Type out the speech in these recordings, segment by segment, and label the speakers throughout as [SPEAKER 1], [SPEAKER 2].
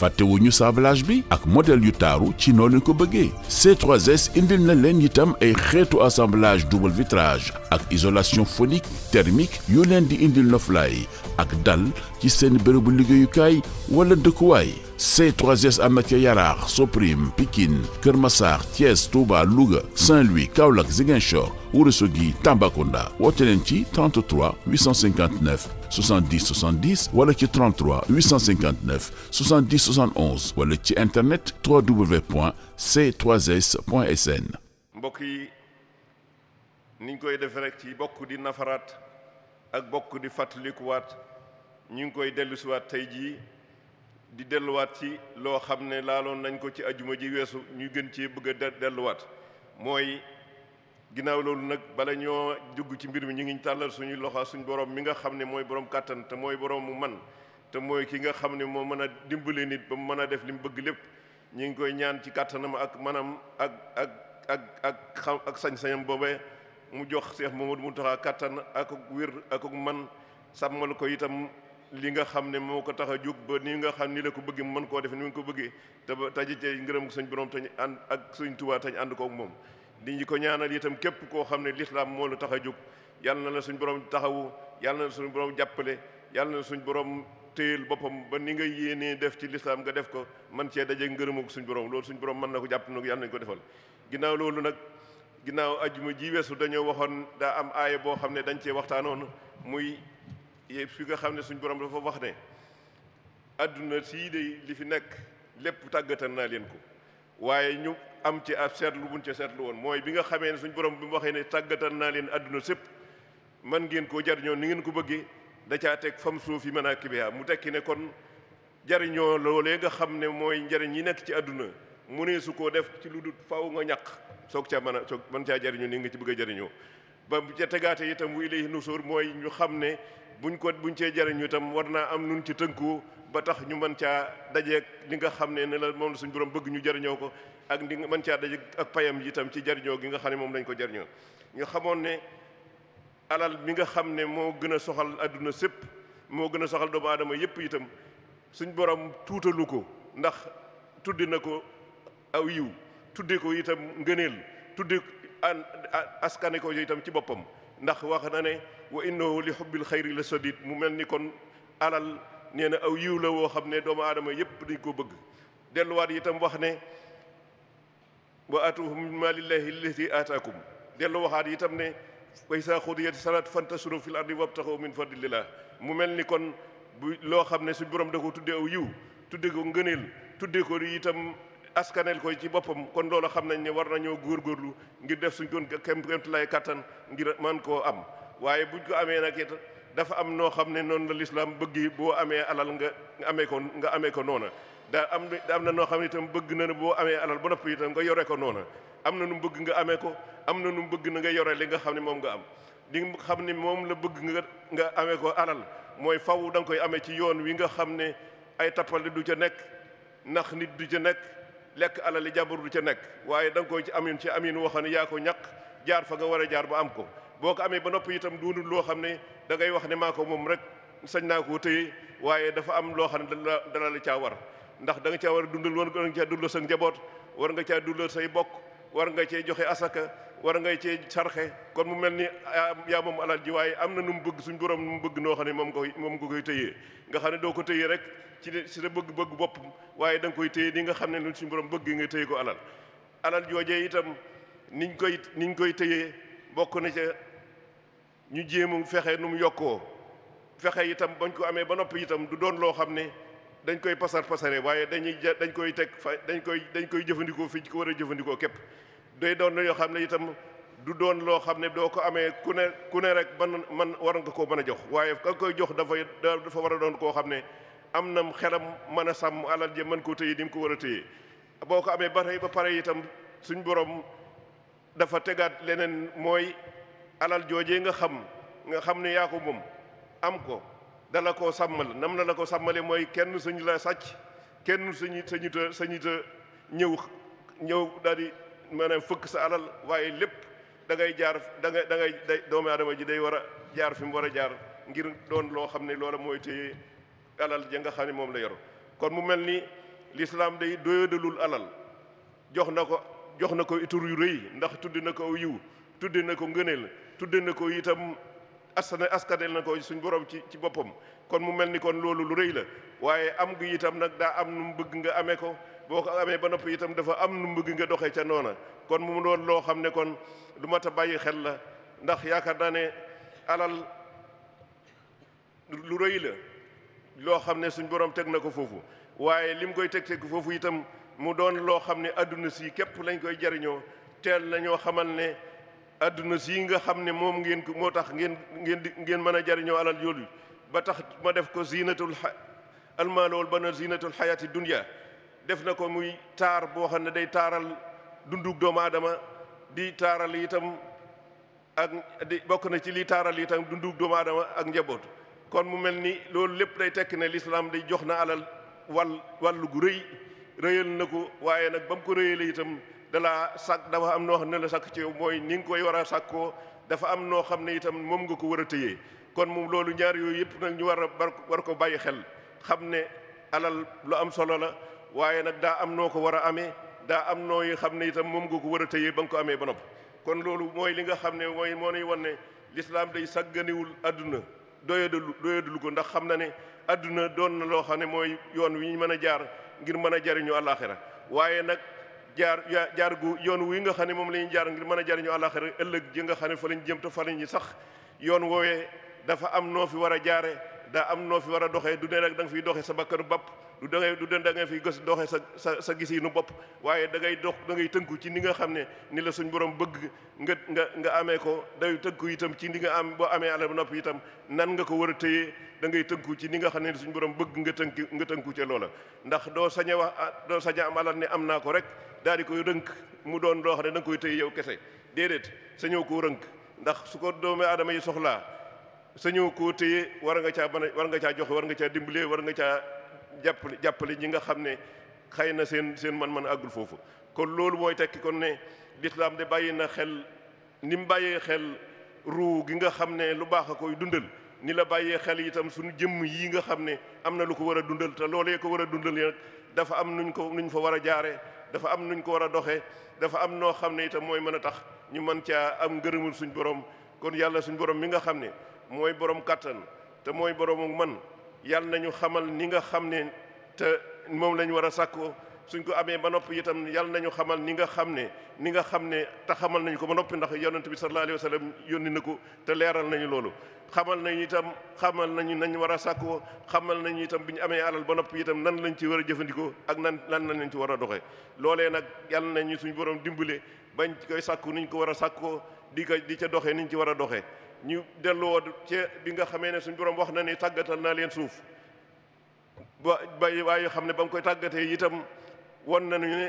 [SPEAKER 1] fàttewuñu sablage bi ak modèle yu taaru ci noolu noonu ko bëggee c 3 indil na leen itam ay xeetu assemblage double vitrage ak isolation phonique thermique yu leen di indil noflaay ak dal ci seen bërëbu liggéeyukaay wala dëkkuwaay C3S Amathia Yaraax Soprim Pikine Kër Massar Thiès Touba Louga Saint-Louis Kaolack Ziguinchor Ourossogui Tambacounda woote leen ci 33 859 70 70 wala ci 33 859 70 71 wala ci internet www.c3s.sn.
[SPEAKER 2] mbokk yi niñ koy defee rek ci bokk di nafaraat ak bokk di fàttalikuwaat ñu ngi koy dellusiwaat tey jii di delluwaat ci loo xam ne laaloon nañ ko ci ajuma ji weesu ñu gën cee bëgg a delluwaat mooy. ginnaaw loolu nag bala ñoo dugg ci mbir mi ñu ngi tàllal suñu loxo suñu borom mi nga xam ne mooy boroom kàttan te mooy borom mu man te mooy ki nga xam ne moo mën a dimbale nit ba mu mën a def li mu bëgg lépp ñu ngi koy ñaan ci kàttanam ak manam ak ak ak ak xam sañ-sañam boobee mu jox Seex Mamadu Muntaxa kàttan ak wér ak man sàmmal ko itam li nga xam ne moo ko tax a jóg ba ni nga xam ni la ko bëggee mu mën koo def ni mu ko bëggee te ba taji ci ngërëm suñ borom tañ ànd ak suñ Tuubaa ànd kook moom di ñu ko ñaanal itam képp koo xam ne lislaam moo la tax a jóg yàlla na la suñ borom taxawu yàlla na suñu borom jàppale yàlla na suñ borom téyel boppam ba ni nga yéenee def ci lislaam nga def ko man cee daje ngërëmu suñ borom loolu suñ borom mën na ko jàpp nag yàlla nañ ko defal ginnaaw loolu nag ginnaaw ajuma ji weesu dañoo waxoon daa am aaya boo xam ne dañ cee waxtaanoon muy fi nga xam ne suñ borom dafa wax ne adduna sii de li fi nekk lépp tàggatan naa leen ko waaye ñu am ci ab seetlu buñ ca seetlu woon mooy bi nga xamee ne suñ borom bi mu waxee ne tàggatal naa leen àdduna sépp man ngeen koo jariñoo ni ngeen ko bëggee da caa teg fam suuf yi mën a kibiya mu tekki ne kon jariñoo loolee nga xam ne mooy njariñ yi nekk ci àdduna mu ne su koo def ci lu dul faw nga ñàkk soog caa mën a soog mën caa jariñoo ni nga ci bëgg jariñoo ba ja tegaate itam wu nu nusur mooy ñu xam ne buñ ko buñ cee jariñu itam war naa am nun ci tënku ba tax ñu mën caa dajeeg li nga xam ne ne la moom la suñu borom bëgg ñu jariñoo ko ak ndi mën caa daje ak payam itam ci jariñoo gi nga xam ne moom lañ ko jariñoo ñu xamoon ne alal mi nga xam ne moo gën a soxal àdduna sépp moo gën a soxal doomu aadama yépp itam suñ borom tuutalu ko ndax tuddi na ko aw yiw tuddi ko itam ngëneel tuddi an askane ko ci boppam ndax wax na ne wa innahu li xubbil xayri la sadid mu mel ni kon alal nee na aw yiw la woo xam ne doomu aadama yépp dañ koo bëgg delluwaat itam wax ne wa aatuhum min maalillahi allati aataakum dellu waxaat itam ne wa izaa qudiyati salaat fantashiru fil ardi wabtaxu min fadlillah mu mel ni kon bu loo xam ne suñ borom da ko tuddee aw yiw tuddee ko ngëneel tuddee ko itam askaneel koy ci boppam kon loolu xam nañ ne war nañoo góorlu ngir def suñ kon kéem kéemtulaay kàttan ngir man koo am waaye buñ ko amee na it dafa am noo xam ne noonu la lislaam bëgg boo amee alal nga amee ko nga amee ko noona daa am da am na noo xam ne itam bëgg na ne boo amee alal ba noppi itam nga yore ko noona am na nu bëgg nga amee ko am na nu bëgg na nga yore li nga xam ne moom nga am li nga xam ne moom la bëgg nga nga amee ko alal mooy faw danga koy amee ci yoon wi nga xam ne ay tappale du ca nekk nax nit du ca nekk lekk alali jàmbur du ca nekk waaye da nga koy ci amin ci amin woo xam ne yaa ko ñàkk jaar fa nga war jaar ba am ko boo ko amee ba noppi itam duudul loo xam ne da ngay wax ne maa ko moom rek sañ naa ko téye waaye dafa am loo xam ne dala dala la caa war ndax da nga caa war a dundal war nga caa dundal sa njaboot war nga caa dundal say bokk war nga cee joxe asaka war nga cee sarxe kon mu mel ni yaa moom alal ji waaye am na nu mu bëgg suñ borom nu mu bëgg noo xam ne moom koy moom nga koy téye nga xam ne doo ko téye rek ci si sa bëgg-bëgg bopp waaye da nga koy téye ni nga xam ne lu suñu borom bëgg nga téye ko alal alal joojee itam niñ koy niñ koy téye bokk na ca ñu jéem fexe nu mu yokkoo fexe itam bañ ko amee ba noppi itam du doon loo xam ne dañ koy pasar pasare waaye dañuy dañ koy teg fa dañ koy dañ koy jëfandikoo fii ci ko war a jëfandikoo képp day doon yoo xam ne itam du doon loo xam ne doo ko amee ku ne ku ne rek ban man war nga koo mën a jox waaye ka koy jox dafay dafa war a doon koo xam ne am na mu xelam mën a sàmm alal ja man koo téye ni mu ko war a téye boo ko amee ba ba pare itam suñ borom dafa tegaat leneen mooy alal joojee nga xam nga xam ne yaa ko moom am ko dala koo sàmmal nam na la ko sàmmale mooy kenn suñu la sàcc kenn suñu sañuta sañuta ñëw ñëw daal di maanaam fëkk sa alal waaye lépp da ngay jaar da ngay da day doomu aadama ji day war a jaar fi mu war a jaar ngir doon loo xam ne loola mooy téye alal ja nga xam ne moom la yor kon mu mel ni lislaam day doyadalul alal jox na ko jox na ko itur yu rëy ndax tudd na ko aw yiw tudde na ko ngëne la tudde na ko itam askan askaneel na ko suñ borom ci ci boppam kon mu mel ni kon loolu lu rëy la waaye am gi itam nag daa am nu mu bëgg nga amee ko boo ko amee ba noppi itam dafa am nu mu bëgg nga doxee ca noona kon mu doon loo xam ne kon lu mat a bàyyi xel la ndax yaakaar naa ne alal lu rëy la loo xam ne suñ borom teg na ko foofu waaye lim koy teg teg foofu itam mu doon loo xam ne àdduna si képp lañ koy jariñoo teel nañoo xamal ne. adduna sii nga xam ne moom ngeen ko moo tax ngeen ngeen di ngeen mën a jariñoo alal yooyu ba tax ma def ko zinatul almaal wal banuuna zinatul xayaati dunya def na ko muy taar boo xam ne day taaral dundug doomu aadama di taaral itam ak di bokk na ci lii taaral yitam dundug doomu aadama ak njaboot kon mu mel ni loolu lépp day tekk ne lislaam day jox na alal wàll gu rëy rëyal na ko waaye nag ba mu ko rëyalee itam dalaa laa sàkk dafa am noo xam ne la sàkk ci yow mooy ni nga koy war a sàkkoo dafa am noo xam ne itam moom nga ko war a téye kon moom loolu ñaar yooyu yëpp nag ñu war a war ko bàyyi xel xam ne alal lu am solo la waaye nag daa am noo ko war a amee daa am nooy xam ne itam moom nga ko war a téye ba nga ko amee ba nopp kon loolu mooy li nga xam ne mooy moo nuy wan ne lislaam day sàgganiwul àdduna doyadalu doyadalu ko ndax xam na ne àdduna doon na loo xam ne mooy yoon wi ñu mën a jaar ngir mën a jariñu àllaaxira waaye nag jaar jaar gu yoon wi nga xam ne moom la ñuy jaar ngir mën a jariñu àllaaxira ëllëg ji nga xam ne fa lañ jëm te fa lañu sax yoon woowee dafa am noo fi war a jaare daa am noo fi war a doxee du ne danga fiy doxee sa bakkanu bopp du da ngay du fi gës doxee sa sa sa gis yi nu bopp waaye da ngay dox da ngay tënku ci ni nga xam ne ni la suñ borom bëgg nga nga nga amee ko day tënku itam ci ni nga am boo amee àll ba noppi itam nan nga ko war téye da ngay ci ni nga xam ne ni suñ borom bëgg nga tënki nga tënku ca loola ndax doo sañ a doo sañ a am alal ne am naa ko rek daal di koy rënk mu doon loo xam ne da nga koy téye yow kese déedéet sañoo koo rënk ndax su ko doomi aadama yi soxlaa sañoo koo téye war nga caa ban war nga caa joxe war nga caa dimbalee war nga caa jàppale jàppale ñi nga xam ne xëy na seen seen man-man àggul foofu kon loolu wooy tekki kon ne lislaam de bàyyi na xel ni mu bàyyee xel ruu gi nga xam ne lu baax a koy dundal ni la bàyyee xel yitam suñu jëmm yi nga xam ne am na lu ko war a dundal te lool yee ko war a dundal nag dafa am nuñ ko nuñ fa war a jaare dafa am nuñ ko war a doxee dafa am noo xam ne itam mooy mën a tax ñu mën caa am ngërëmul suñ borom kon yàlla suñu borom mi nga xam ne mooy borom kattan te mooy borom ak yàlla nañu xamal ni nga xam ne te moom lañu war a sàkkoo suñ ko amee ba noppi itam yàlla nañu xamal ni nga xam ne ni nga xam ne te xamal nañu ko ba noppi ndax yonent bi sallallahu alayhi wa sallam yónni na ko te leeral nañu loolu xamal nañu itam xamal nañu nañ war a sàkkoo xamal nañu yitam bi ñu amee alal ba noppi itam nan lañ ci war a jëfandikoo ak nan nan lañ ci war a doxee loolee nag yàlla nañu suñu borom dimbale bañ koy sàkku niñ ko war a sàkkoo di ko di ca doxee niñ ci war a doxee ñu delloo ci bi nga xamee ne suñu borom wax na ni tàggatal naa leen suuf ba bay waaye xam ne ba nga koy tàggatee itam won nañu ne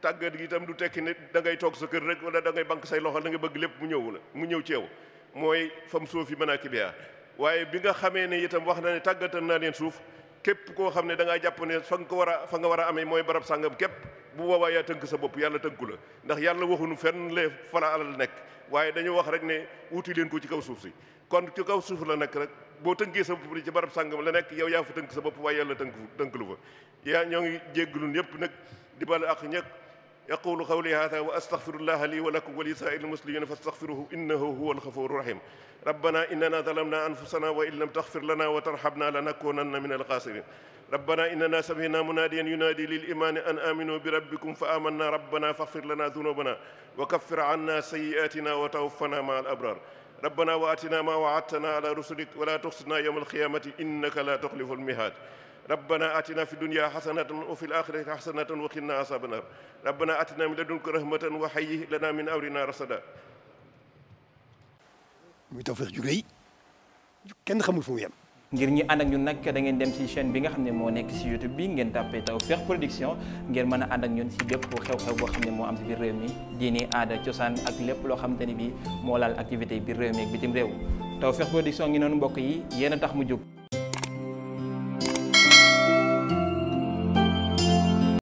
[SPEAKER 2] tàggat gi itam du tekki ne da ngay toog sa kër rek wala da ngay bank say loxo da nga bëgg lépp mu ñëw la mu ñëw ci yow mooy fam suuf yi mën a kibiyaa waaye bi nga xamee ne itam wax na ne tàggatal naa leen suuf képp koo xam ne da ngaa jàpp ne fa nga ko war a fa nga war a amee mooy barab sàngam képp bu boobaa yaa tënk sa bopp yàlla tënku la ndax yàlla waxunu fenn lee fala alal nekk waaye dañu wax rek ne wuti leen ko ci kaw suuf si kon ci kaw suuf la nekk rek boo tënkee sa bopp ci barab sàngam la nekk yow yaa fa tënk sa bopp waaye yàlla tënk tënk lu fa yaa ñoo ngi jéggalu ñëpp nag di bal ak ñëpp أقول قولي هذا وأستغفر الله لي ولكم ولسائر المسلمين فاستغفروه إنه هو الغفور الرحيم ربنا إننا ظلمنا أنفسنا وإن لم تغفر لنا وترحمنا لنكونن من الخاسرين ربنا إننا سمعنا مناديا ينادي للإيمان أن آمنوا بربكم فآمنا ربنا فاغفر لنا ذنوبنا وكفر عنا سيئاتنا وتوفنا مع الأبرار ربنا وآتنا ما وعدتنا على رسلك ولا تخزنا يوم القيامة إنك لا تخلف الميعاد ربنا آتنا في الدنيا حسنة وفي الآخرة حسنة وقنا عذاب النار ربنا آتنا من لدنك رحمة وهيئ لنا من أمرنا رشدا muy Tawfekh ju rëy kenn xamul fu mu yem ngir ñi ànd ak ñun nag da ngeen dem ci chaine bi nga xam ne moo nekk ci YouTube bi ngeen tàppee Tawfekh Production ngeen mën a ànd ak ñun ci bépp xew-xew boo xam ne moo am ci biir réew mi diini aada cosaan ak lépp loo xamante ni bi moo laal activité biir réew mi ak bitim réew Tawfekh mbokk yi yéen
[SPEAKER 1] a mu jóg